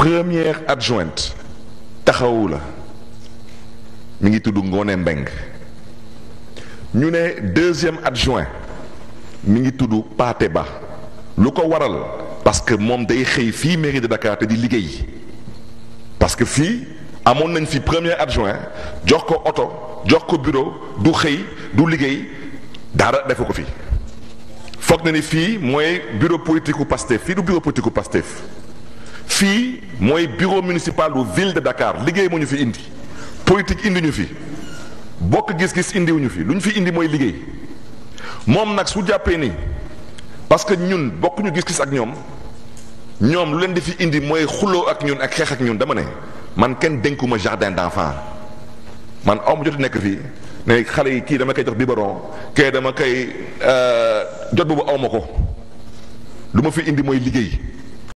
première adjointe taxawu la mu ngi tudd Ngoné Mbengue ñu ne deuxième adjoint mi ngi tudd Paté Ba lu ko waral parce que moom day xëy fii mairie de Dakar te di liggéey parce que fii amoon nañ fi premier adjoint jox ko oto jox ko bureau du xëy du liggéey dara defu ko fi foog na ni fii mooy bureau politique u Pastef fii du bureau politique u fii mooy bureau municipal bu ville de Dakar liggéey moo ñu fi indi politique indi ñu fi bokk gis-gis indiwuñu fi lu ñu fi indi mooy liggéey moom nag su jàppee ni parce que ñun bokkuñu ñu gis-gis ak ñoom ñoom lu leen di fi indi mooy xuloo ak ñun ak xeex ak ñun dama ne man kenn dénkuma jardin d'enfant man aw ma jot nekk fii ne xale yi kii dama koy jox biberon kii dama koy euh, jot boobu aw ma ko lu ma fi indi mooy liggéey.